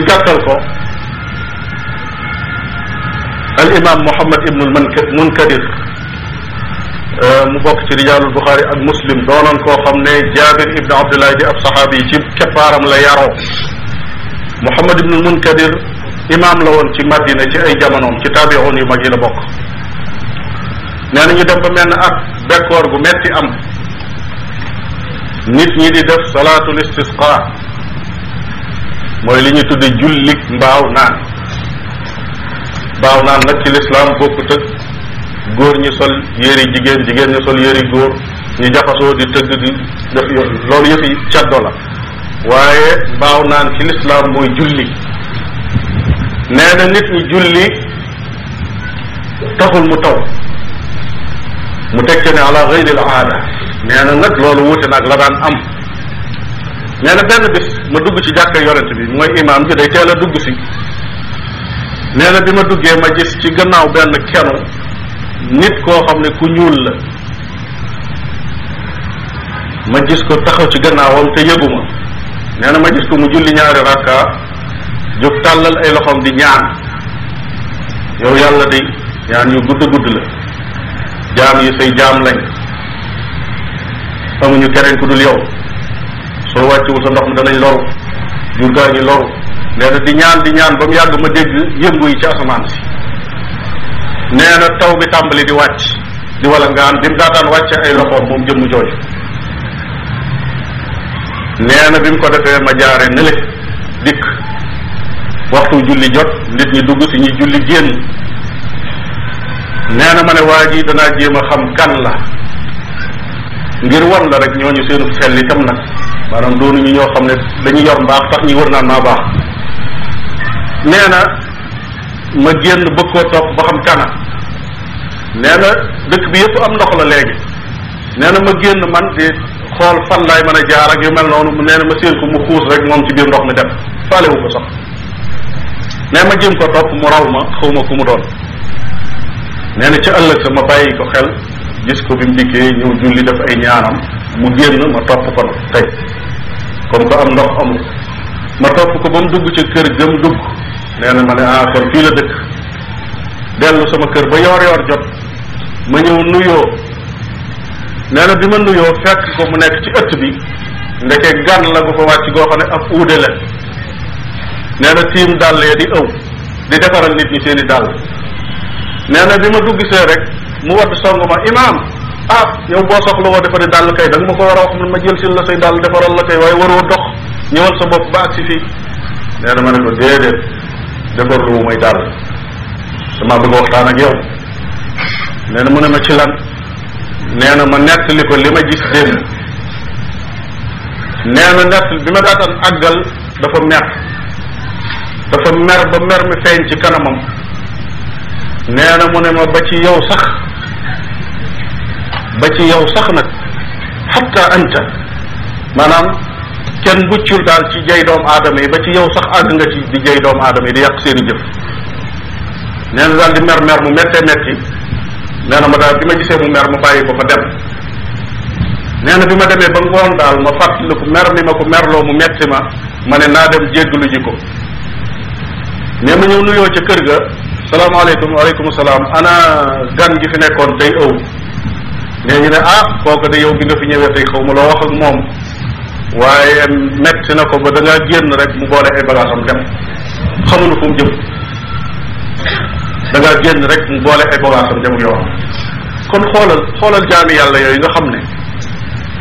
ci gàttal ko al imam mohammad ibnu al munkadir mu bokk ci rijaalul buxaari ak muslim doonoon koo xam ne jaabir ibnu abdulahi di ab saxaabi yi ci keppaaram la yaroo mohammad ibnu al munkadir imam la woon ci madina ci ay jamonoom ci tabiroon yu mag yi la bokk nee na dem ba mel at bekkoor gu metti am nit ñi di def salaatul istisqa mooy li ñu tudde jullik mbaaw naan mbaaw naan nag ci lislaam bokk ak góor ñi sol yëri jigéen jigéen ñi sol yëri góor ñu jaxasoo di tëgg di def loolu yëpp yi caddo la waaye mbaaw naan ci lislaam mooy julli nee na nit ñi julli taxul mu taw mu teg ci ne ala ghayril aada nee nag loolu wuute nag la daan am nee na benn bis ma dugg ci jàkka yonent bi mooy imaam bi day teel dugg si neena na bi ma duggee ma gis ci gannaaw benn kenu nit koo xam ne ku ñuul la ma gis ko taxaw ci gannaawam te yëguma nee na ma gis ko mu julli ñaari rakka jóg tàllal ay loxoom di ñaan yow yàlla de ñaan yu gudd gudd la jaam yi say jaam lañ amuñu keneen ku dul yow soo wàccuwul sa ndox mi danañ lor. jur gaa ngi loru nee na di ñaan di ñaan ba mu yàgg ma dégg yëngu yi ci asamaan si nee na taw bi tàmbali di wàcc di wala ngaan bi mu daataan wàcce ay loxoom moom jëmm jooju nee na bi mu ko defee ma jaare nële dikk waxtu julli jot nit ñi dugg si ñi julli génn nee na ma ne waa ji danaa jéem a xam kan la ngir won la rek ñooñu seenu xel itam nag maanaam doonu ñu ñoo xam ne dañu yor mbaax tax ñu wër naan maa baax nee na ma génn bëgg koo topp ba xam kana nee na dëkk bi yëpp am ndox la léegi nee na ma génn man di xool fan laay mën a jaar ak yu mel noonu nee na ma séen ko mu xuus rek moom ci biir ndox mi dem faale wu ko sax nee ma jëm ko topp mu raw ma xaw ma ku mu doon nee na ca ëllëg sa ma bàyyi ko xel gis ko bi mu dikkee ñëw julli def ay ñaanam mu génn ma topp ko nag tey comme que am ndox amul ma topp ko ba mu dugg ca kër mu dugg nee na ma ne ah kon fii la dëkk dellu sama kër ba yoor-yoor jot ma ñëw nuyoo nee na bi ma nuyoo fekk ko mu nekk ci ëtt bi ndeke gan la ko fa wàcc goo xam ne ab uude la nee na tiim dàll di ëw di defaral nit ñi seen i dàll nee na bi ma dugg see rek mu wadd song ma imaam ah yow boo soxla woo defari dàll kay da nga ma ko war a wax man ma jël si la say dàll defaral la kay waaye waroo dox ñëwal sa bopp ba agsi fii nee na ma ne ko déedéet defar lu may dàll damaa bëgg na mu ne ma ci lan nee na ma nettali ko li ma gis démb nee na nett bi ma daataan àggal dafa mer dafa mer ba mer mi feeñ ci kanamam nee na mu ne ma ba ci yow sax ba ci yow sax nag xatta anta maanaam kenn muccul daal ci jay doomu aadama yi ba ci yow sax àgg nga ci di doomu aadama yi di yàq seeni jëf nee na daal di mer mer mu méttee métti nee na ma daal bi ma gisee mu mer ma bàyyi ko ma dem nee na bi ma demee ba ngoon daal ma fàttaliku mer mi ma ko merloo mu metti ma ma ne naa dem jéggalu ji ko nee ma ñëw nuyoo ca kër ga salaamaaleykum waaleykum salaam ana gan gi fi nekkoon day ëw ñu ne ah kooku de yow bi nga fi ñëwee tey xaw ma loo wax ak moom waaye metti na ko ba da génn rek mu boole ay bagages dem xamuñu fu mu jëm da génn rek mu boole ay bagages dem yoon kon xoolal xoolal jaami yàlla yooyu nga xam ne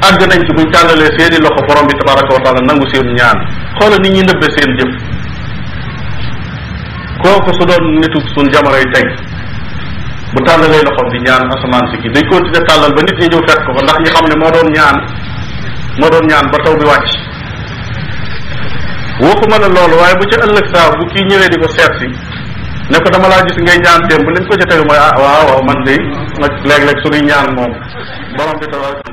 àgg nañ ci buñ tàllalee seeni loxo borom bi tabaraka wa taala nangu seen ñaan xoolal nit ñi nëbbe seen jëm kooku su doon nitu suñ jamonoy tey bu tàllalee loxoom bi ñaan asamaan si kii day continuer tàllal ba nit ñi ñëw fekk ko ndax ñu xam ne moo doon ñaan moo doon ñaan ba taw bi wàcc woo ko mën a loolu waaye bu ca ëllëg saa bu kii ñëwee di ko seet si ne ko dama laa gis ngay ñaan démb bu lañ ko ca tegu mooy ah waaw man de léeg-léeg suñuy ñaan moom borom bi tabaraka